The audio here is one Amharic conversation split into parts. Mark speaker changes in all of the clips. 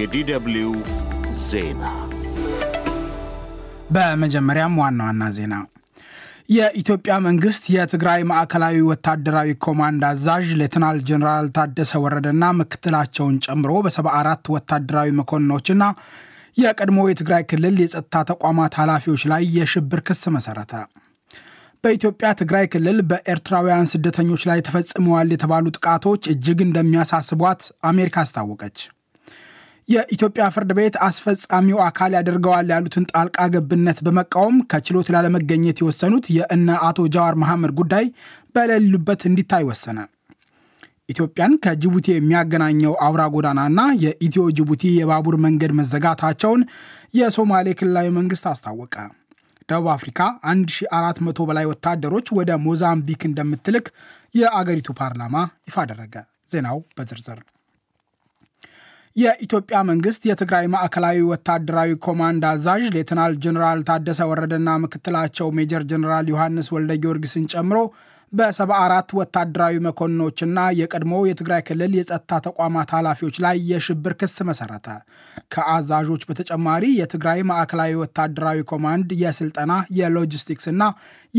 Speaker 1: የዲደብልዩ ዜና በመጀመሪያም ዋና ዋና ዜና የኢትዮጵያ መንግስት የትግራይ ማዕከላዊ ወታደራዊ ኮማንድ አዛዥ ሌትናል ጀኔራል ታደሰ ወረደና ምክትላቸውን ጨምሮ በሰባ አራት ወታደራዊ መኮንኖችና የቀድሞ የትግራይ ክልል የጸጥታ ተቋማት ኃላፊዎች ላይ የሽብር ክስ መሰረተ። በኢትዮጵያ ትግራይ ክልል በኤርትራውያን ስደተኞች ላይ ተፈጽመዋል የተባሉ ጥቃቶች እጅግ እንደሚያሳስቧት አሜሪካ አስታወቀች። የኢትዮጵያ ፍርድ ቤት አስፈጻሚው አካል ያደርገዋል ያሉትን ጣልቃ ገብነት በመቃወም ከችሎት ላለመገኘት የወሰኑት የእነ አቶ ጃዋር መሐመድ ጉዳይ በሌሉበት እንዲታይ ወሰነ። ኢትዮጵያን ከጅቡቲ የሚያገናኘው አውራ ጎዳናና የኢትዮ ጅቡቲ የባቡር መንገድ መዘጋታቸውን የሶማሌ ክልላዊ መንግስት አስታወቀ። ደቡብ አፍሪካ 1400 በላይ ወታደሮች ወደ ሞዛምቢክ እንደምትልክ የአገሪቱ ፓርላማ ይፋ አደረገ። ዜናው በዝርዝር የኢትዮጵያ መንግስት የትግራይ ማዕከላዊ ወታደራዊ ኮማንድ አዛዥ ሌትናል ጀኔራል ታደሰ ወረደና ምክትላቸው ሜጀር ጀኔራል ዮሐንስ ወልደ ጊዮርጊስን ጨምሮ በ ወታደራዊ መኮንኖችና የቀድሞ የትግራይ ክልል የጸጥታ ተቋማት ኃላፊዎች ላይ የሽብር ክስ መሰረተ። ከአዛዦች በተጨማሪ የትግራይ ማዕከላዊ ወታደራዊ ኮማንድ የስልጠና የሎጂስቲክስና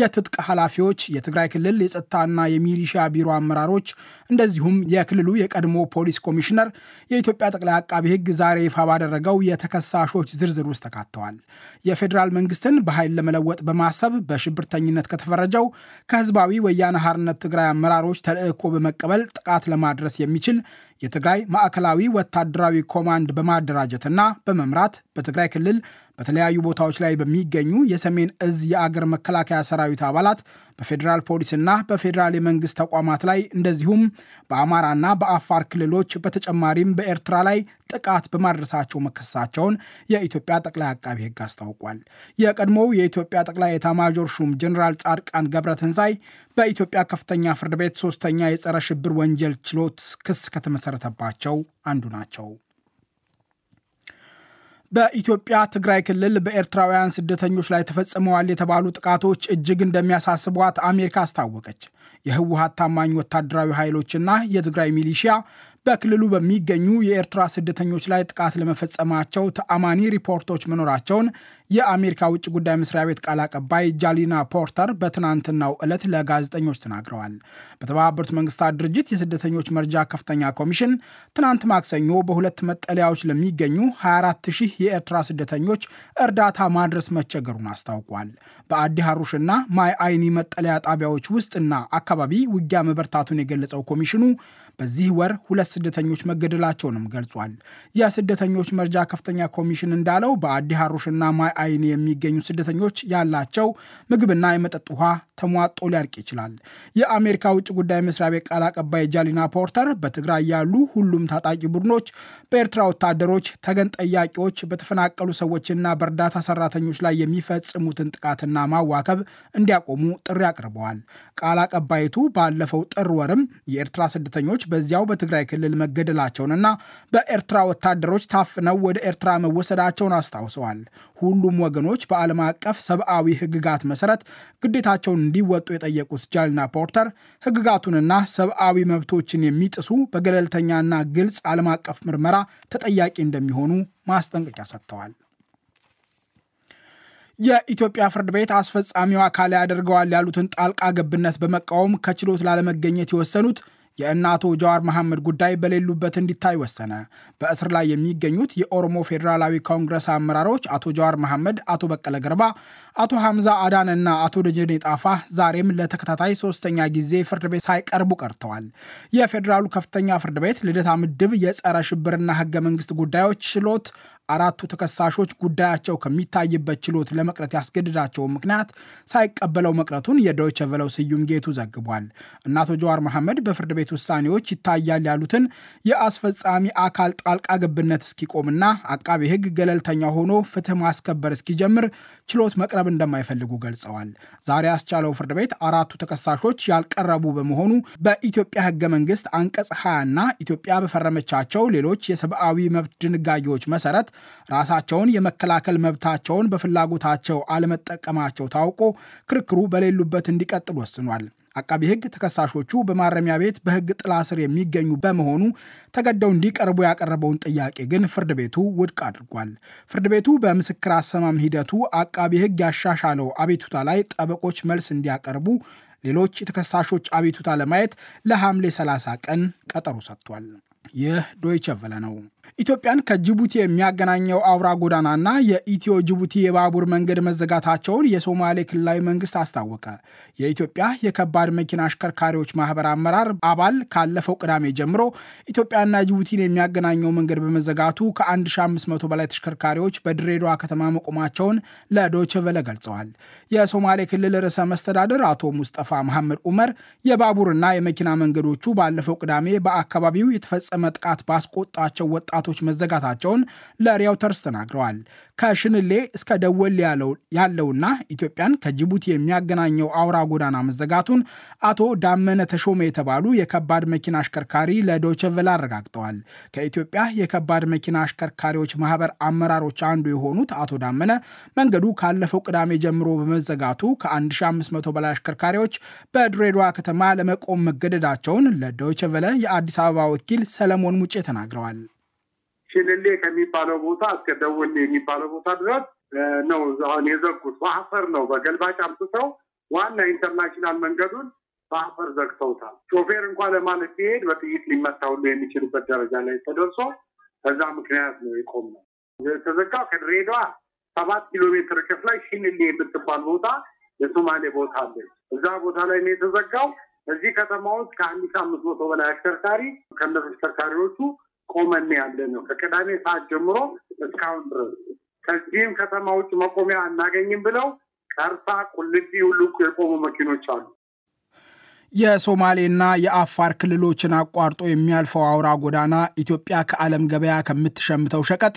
Speaker 1: የትጥቅ ኃላፊዎች፣ የትግራይ ክልል የጸጥታና የሚሊሻ ቢሮ አመራሮች፣ እንደዚሁም የክልሉ የቀድሞ ፖሊስ ኮሚሽነር የኢትዮጵያ ጠቅላይ አቃቢ ሕግ ዛሬ ይፋ ባደረገው የተከሳሾች ዝርዝር ውስጥ ተካተዋል። የፌዴራል መንግስትን በኃይል ለመለወጥ በማሰብ በሽብርተኝነት ከተፈረጀው ከህዝባዊ ወያ የወያነ ሐርነት ትግራይ አመራሮች ተልዕኮ በመቀበል ጥቃት ለማድረስ የሚችል የትግራይ ማዕከላዊ ወታደራዊ ኮማንድ በማደራጀትና በመምራት በትግራይ ክልል በተለያዩ ቦታዎች ላይ በሚገኙ የሰሜን እዝ የአገር መከላከያ ሰራዊት አባላት በፌዴራል ፖሊስና በፌዴራል የመንግስት ተቋማት ላይ እንደዚሁም በአማራና በአፋር ክልሎች በተጨማሪም በኤርትራ ላይ ጥቃት በማድረሳቸው መከሰሳቸውን የኢትዮጵያ ጠቅላይ አቃቢ ሕግ አስታውቋል። የቀድሞው የኢትዮጵያ ጠቅላይ ኤታማዦር ሹም ጀኔራል ጻድቃን ገብረ ትንሳኤ በኢትዮጵያ ከፍተኛ ፍርድ ቤት ሶስተኛ የጸረ ሽብር ወንጀል ችሎት ክስ ከተመሰ የተመሰረተባቸው አንዱ ናቸው። በኢትዮጵያ ትግራይ ክልል በኤርትራውያን ስደተኞች ላይ ተፈጽመዋል የተባሉ ጥቃቶች እጅግ እንደሚያሳስቧት አሜሪካ አስታወቀች። የህወሀት ታማኝ ወታደራዊ ኃይሎችና የትግራይ ሚሊሺያ በክልሉ በሚገኙ የኤርትራ ስደተኞች ላይ ጥቃት ለመፈጸማቸው ተአማኒ ሪፖርቶች መኖራቸውን የአሜሪካ ውጭ ጉዳይ መስሪያ ቤት ቃል አቀባይ ጃሊና ፖርተር በትናንትናው ዕለት ለጋዜጠኞች ተናግረዋል። በተባበሩት መንግስታት ድርጅት የስደተኞች መርጃ ከፍተኛ ኮሚሽን ትናንት ማክሰኞ በሁለት መጠለያዎች ለሚገኙ 24 ሺህ የኤርትራ ስደተኞች እርዳታ ማድረስ መቸገሩን አስታውቋል። በአዲ ሀሩሽና ማይ አይኒ መጠለያ ጣቢያዎች ውስጥና አካባቢ ውጊያ መበርታቱን የገለጸው ኮሚሽኑ በዚህ ወር ሁለት ስደተኞች መገደላቸውንም ገልጿል። የስደተኞች መርጃ ከፍተኛ ኮሚሽን እንዳለው በአዲ ሀሩሽና ማይ አይን የሚገኙ ስደተኞች ያላቸው ምግብና የመጠጥ ውሃ ተሟጦ ሊያልቅ ይችላል። የአሜሪካ ውጭ ጉዳይ መስሪያ ቤት ቃል አቀባይ ጃሊና ፖርተር በትግራይ ያሉ ሁሉም ታጣቂ ቡድኖች በኤርትራ ወታደሮች፣ ተገን ጠያቂዎች፣ በተፈናቀሉ ሰዎችና በእርዳታ ሰራተኞች ላይ የሚፈጽሙትን ጥቃትና ማዋከብ እንዲያቆሙ ጥሪ አቅርበዋል። ቃል አቀባይቱ ባለፈው ጥር ወርም የኤርትራ ስደተኞች በዚያው በትግራይ ክልል መገደላቸውንና በኤርትራ ወታደሮች ታፍነው ወደ ኤርትራ መወሰዳቸውን አስታውሰዋል። ሁሉም ወገኖች በዓለም አቀፍ ሰብአዊ ህግጋት መሰረት ግዴታቸውን እንዲወጡ የጠየቁት ጃልና ፖርተር ህግጋቱንና ሰብአዊ መብቶችን የሚጥሱ በገለልተኛና ግልጽ ዓለም አቀፍ ምርመራ ተጠያቂ እንደሚሆኑ ማስጠንቀቂያ ሰጥተዋል። የኢትዮጵያ ፍርድ ቤት አስፈጻሚው አካል ያደርገዋል ያሉትን ጣልቃ ገብነት በመቃወም ከችሎት ላለመገኘት የወሰኑት የእነ አቶ ጀዋር መሐመድ ጉዳይ በሌሉበት እንዲታይ ወሰነ። በእስር ላይ የሚገኙት የኦሮሞ ፌዴራላዊ ኮንግረስ አመራሮች አቶ ጀዋር መሐመድ፣ አቶ በቀለ ገርባ፣ አቶ ሐምዛ አዳን እና አቶ ደጀኔ ጣፋ ዛሬም ለተከታታይ ሶስተኛ ጊዜ ፍርድ ቤት ሳይቀርቡ ቀርተዋል። የፌዴራሉ ከፍተኛ ፍርድ ቤት ልደታ ምድብ የጸረ ሽብርና ህገ መንግስት ጉዳዮች ችሎት አራቱ ተከሳሾች ጉዳያቸው ከሚታይበት ችሎት ለመቅረት ያስገድዳቸውን ምክንያት ሳይቀበለው መቅረቱን የዶይቸ ቨለው ስዩም ጌቱ ዘግቧል። እነ አቶ ጀዋር መሐመድ በፍርድ ቤት ውሳኔዎች ይታያል ያሉትን የአስፈጻሚ አካል ጣልቃ ገብነት እስኪቆምና አቃቤ ሕግ ገለልተኛ ሆኖ ፍትህ ማስከበር እስኪጀምር ችሎት መቅረብ እንደማይፈልጉ ገልጸዋል። ዛሬ ያስቻለው ፍርድ ቤት አራቱ ተከሳሾች ያልቀረቡ በመሆኑ በኢትዮጵያ ህገ መንግስት አንቀጽ 20 እና ኢትዮጵያ በፈረመቻቸው ሌሎች የሰብአዊ መብት ድንጋጌዎች መሰረት ራሳቸውን የመከላከል መብታቸውን በፍላጎታቸው አለመጠቀማቸው ታውቆ ክርክሩ በሌሉበት እንዲቀጥል ወስኗል። አቃቢ ሕግ ተከሳሾቹ በማረሚያ ቤት በሕግ ጥላ ስር የሚገኙ በመሆኑ ተገደው እንዲቀርቡ ያቀረበውን ጥያቄ ግን ፍርድ ቤቱ ውድቅ አድርጓል። ፍርድ ቤቱ በምስክር አሰማም ሂደቱ አቃቢ ሕግ ያሻሻለው አቤቱታ ላይ ጠበቆች መልስ እንዲያቀርቡ ሌሎች የተከሳሾች አቤቱታ ለማየት ለሐምሌ 30 ቀን ቀጠሮ ሰጥቷል። ይህ ዶይቸ ቨለ ነው። ኢትዮጵያን ከጅቡቲ የሚያገናኘው አውራ ጎዳናና የኢትዮ ጅቡቲ የባቡር መንገድ መዘጋታቸውን የሶማሌ ክልላዊ መንግስት አስታወቀ። የኢትዮጵያ የከባድ መኪና አሽከርካሪዎች ማህበር አመራር አባል ካለፈው ቅዳሜ ጀምሮ ኢትዮጵያና ጅቡቲን የሚያገናኘው መንገድ በመዘጋቱ ከ1500 በላይ ተሽከርካሪዎች በድሬዳዋ ከተማ መቆማቸውን ለዶይቼ ቬለ ገልጸዋል። የሶማሌ ክልል ርዕሰ መስተዳድር አቶ ሙስጠፋ መሐመድ ኡመር የባቡርና የመኪና መንገዶቹ ባለፈው ቅዳሜ በአካባቢው የተፈጸመ ጥቃት ባስቆጣቸው ወጣ ጥቃቶች መዘጋታቸውን ለሪያውተርስ ተናግረዋል። ከሽንሌ እስከ ደወል ያለውና ኢትዮጵያን ከጅቡቲ የሚያገናኘው አውራ ጎዳና መዘጋቱን አቶ ዳመነ ተሾመ የተባሉ የከባድ መኪና አሽከርካሪ ለዶችቨል አረጋግጠዋል። ከኢትዮጵያ የከባድ መኪና አሽከርካሪዎች ማህበር አመራሮች አንዱ የሆኑት አቶ ዳመነ መንገዱ ካለፈው ቅዳሜ ጀምሮ በመዘጋቱ ከ1500 በላይ አሽከርካሪዎች በድሬዳዋ ከተማ ለመቆም መገደዳቸውን ለዶችቨለ የአዲስ አበባ ወኪል ሰለሞን ሙጬ ተናግረዋል። ሽልሌ ከሚባለው ቦታ እስከ ደወሌ የሚባለው ቦታ ድረስ ነው አሁን የዘጉት። በአፈር ነው በገልባጭ አምጥተው ዋና ኢንተርናሽናል መንገዱን በአፈር ዘግተውታል። ሾፌር እንኳ ለማለት ሲሄድ በጥይት ሊመታ ሁሉ የሚችልበት ደረጃ ላይ ተደርሶ በዛ ምክንያት ነው የቆምነው። የተዘጋው ከድሬዳዋ ሰባት ኪሎ ሜትር ርቀት ላይ ሽንሌ የምትባል ቦታ የሶማሌ ቦታ አለ። እዛ ቦታ ላይ ነው የተዘጋው። እዚህ ከተማ ውስጥ ከአንድ ሺህ አምስት መቶ በላይ አሽከርካሪ ከነ ተሽከርካሪዎቹ ቆመን ያለ ነው ከቅዳሜ ሰዓት ጀምሮ እስካሁን ድረስ። ከዚህም ከተማ ውጭ መቆሚያ አናገኝም ብለው ቀርሳ፣ ቁልቢ ሁሉ የቆሙ መኪኖች አሉ። የሶማሌና የአፋር ክልሎችን አቋርጦ የሚያልፈው አውራ ጎዳና ኢትዮጵያ ከዓለም ገበያ ከምትሸምተው ሸቀጥ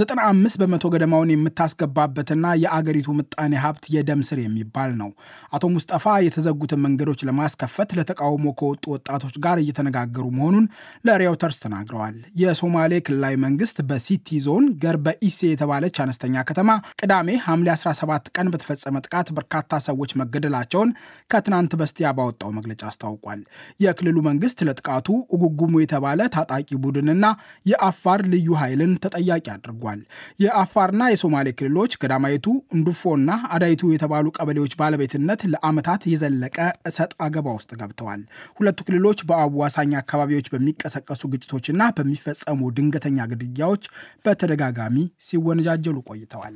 Speaker 1: 95 በመቶ ገደማውን የምታስገባበትና የአገሪቱ ምጣኔ ሀብት የደም ስር የሚባል ነው። አቶ ሙስጠፋ የተዘጉትን መንገዶች ለማስከፈት ለተቃውሞ ከወጡ ወጣቶች ጋር እየተነጋገሩ መሆኑን ለሬውተርስ ተናግረዋል። የሶማሌ ክልላዊ መንግስት በሲቲ ዞን ገርበ ኢሴ የተባለች አነስተኛ ከተማ ቅዳሜ ሐምሌ 17 ቀን በተፈጸመ ጥቃት በርካታ ሰዎች መገደላቸውን ከትናንት በስቲያ ባወጣው መግለ መግለጫ አስታውቋል። የክልሉ መንግስት ለጥቃቱ ጉጉሙ የተባለ ታጣቂ ቡድንና የአፋር ልዩ ኃይልን ተጠያቂ አድርጓል። የአፋርና የሶማሌ ክልሎች ገዳማይቱ፣ እንዱፎና አዳይቱ የተባሉ ቀበሌዎች ባለቤትነት ለዓመታት የዘለቀ እሰጥ አገባ ውስጥ ገብተዋል። ሁለቱ ክልሎች በአዋሳኝ አካባቢዎች በሚቀሰቀሱ ግጭቶችና በሚፈጸሙ ድንገተኛ ግድያዎች በተደጋጋሚ ሲወነጃጀሉ ቆይተዋል።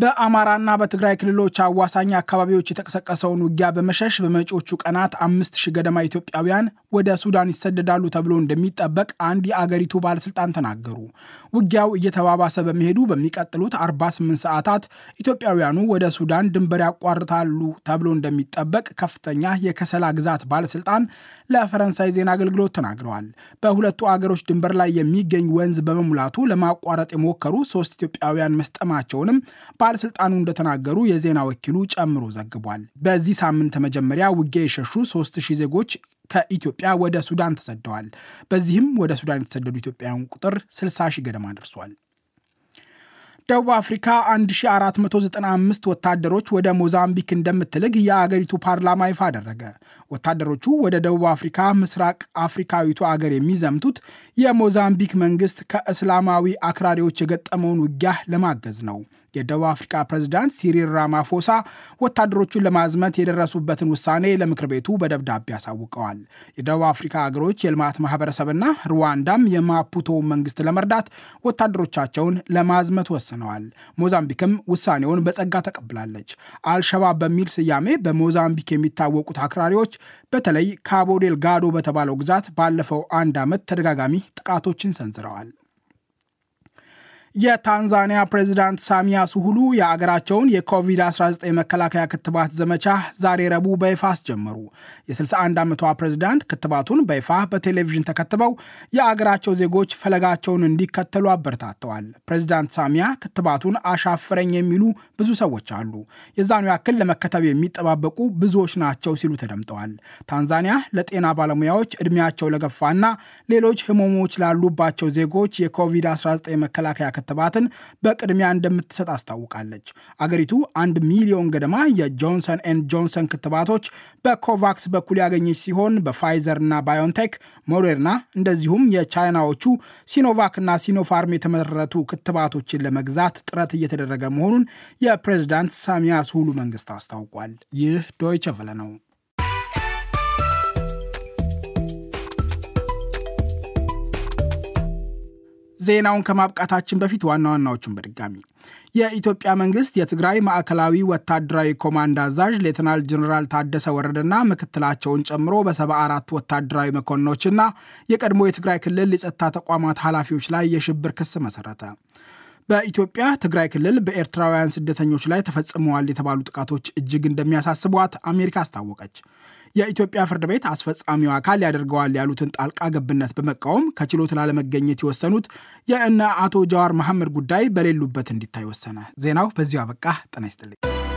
Speaker 1: በአማራና በትግራይ ክልሎች አዋሳኝ አካባቢዎች የተቀሰቀሰውን ውጊያ በመሸሽ በመጪዎቹ ቀናት አምስት ሺህ ገደማ ኢትዮጵያውያን ወደ ሱዳን ይሰደዳሉ ተብሎ እንደሚጠበቅ አንድ የአገሪቱ ባለስልጣን ተናገሩ። ውጊያው እየተባባሰ በመሄዱ በሚቀጥሉት 48 ሰዓታት ኢትዮጵያውያኑ ወደ ሱዳን ድንበር ያቋርታሉ ተብሎ እንደሚጠበቅ ከፍተኛ የከሰላ ግዛት ባለስልጣን ለፈረንሳይ ዜና አገልግሎት ተናግረዋል። በሁለቱ አገሮች ድንበር ላይ የሚገኝ ወንዝ በመሙላቱ ለማቋረጥ የሞከሩ ሶስት ኢትዮጵያውያን መስጠማቸውንም ባለስልጣኑ እንደተናገሩ የዜና ወኪሉ ጨምሮ ዘግቧል። በዚህ ሳምንት መጀመሪያ ውጊያ የሸሹ ሶስት ሺህ ዜጎች ከኢትዮጵያ ወደ ሱዳን ተሰደዋል። በዚህም ወደ ሱዳን የተሰደዱ ኢትዮጵያውያን ቁጥር 60 ሺህ ገደማ ደርሷል። ደቡብ አፍሪካ 1495 ወታደሮች ወደ ሞዛምቢክ እንደምትልግ የአገሪቱ ፓርላማ ይፋ አደረገ። ወታደሮቹ ወደ ደቡብ አፍሪካ ምስራቅ አፍሪካዊቱ አገር የሚዘምቱት የሞዛምቢክ መንግስት ከእስላማዊ አክራሪዎች የገጠመውን ውጊያ ለማገዝ ነው። የደቡብ አፍሪካ ፕሬዝዳንት ሲሪል ራማፎሳ ወታደሮቹን ለማዝመት የደረሱበትን ውሳኔ ለምክር ቤቱ በደብዳቤ አሳውቀዋል። የደቡብ አፍሪካ አገሮች የልማት ማህበረሰብና ሩዋንዳም የማፑቶ መንግስት ለመርዳት ወታደሮቻቸውን ለማዝመት ወስነዋል። ሞዛምቢክም ውሳኔውን በጸጋ ተቀብላለች። አልሸባብ በሚል ስያሜ በሞዛምቢክ የሚታወቁት አክራሪዎች በተለይ ካቦ ዴልጋዶ በተባለው ግዛት ባለፈው አንድ ዓመት ተደጋጋሚ ጥቃቶችን ሰንዝረዋል። የታንዛኒያ ፕሬዚዳንት ሳሚያ ሱሉሁ የአገራቸውን የኮቪድ-19 መከላከያ ክትባት ዘመቻ ዛሬ ረቡዕ በይፋ አስጀመሩ። የ61 ዓመቷ ፕሬዚዳንት ክትባቱን በይፋ በቴሌቪዥን ተከትበው የአገራቸው ዜጎች ፈለጋቸውን እንዲከተሉ አበረታተዋል። ፕሬዚዳንት ሳሚያ ክትባቱን አሻፍረኝ የሚሉ ብዙ ሰዎች አሉ፣ የዛኑ ያክል ለመከተብ የሚጠባበቁ ብዙዎች ናቸው ሲሉ ተደምጠዋል። ታንዛኒያ ለጤና ባለሙያዎች እድሜያቸው ለገፋና ሌሎች ህመሞች ላሉባቸው ዜጎች የኮቪድ-19 መከላከያ ክትባትን በቅድሚያ እንደምትሰጥ አስታውቃለች። አገሪቱ አንድ ሚሊዮን ገደማ የጆንሰን ኤንድ ጆንሰን ክትባቶች በኮቫክስ በኩል ያገኘች ሲሆን በፋይዘርና ባዮንቴክ፣ ሞዴርና እንደዚሁም የቻይናዎቹ ሲኖቫክና ሲኖፋርም የተመረቱ ክትባቶችን ለመግዛት ጥረት እየተደረገ መሆኑን የፕሬዝዳንት ሳሚያ ሱሉ መንግስት አስታውቋል። ይህ ዶይቸ ቨለ ነው። ዜናውን ከማብቃታችን በፊት ዋና ዋናዎቹን በድጋሚ የኢትዮጵያ መንግስት የትግራይ ማዕከላዊ ወታደራዊ ኮማንድ አዛዥ ሌትናል ጀኔራል ታደሰ ወረደና ምክትላቸውን ጨምሮ በሰባ አራት ወታደራዊ መኮንኖችና የቀድሞ የትግራይ ክልል የጸጥታ ተቋማት ኃላፊዎች ላይ የሽብር ክስ መሰረተ። በኢትዮጵያ ትግራይ ክልል በኤርትራውያን ስደተኞች ላይ ተፈጽመዋል የተባሉ ጥቃቶች እጅግ እንደሚያሳስቧት አሜሪካ አስታወቀች። የኢትዮጵያ ፍርድ ቤት አስፈጻሚው አካል ያደርገዋል ያሉትን ጣልቃ ገብነት በመቃወም ከችሎት ላለመገኘት የወሰኑት የእነ አቶ ጀዋር መሐመድ ጉዳይ በሌሉበት እንዲታይ ወሰነ። ዜናው በዚሁ አበቃ። ጤና ይስጥልኝ።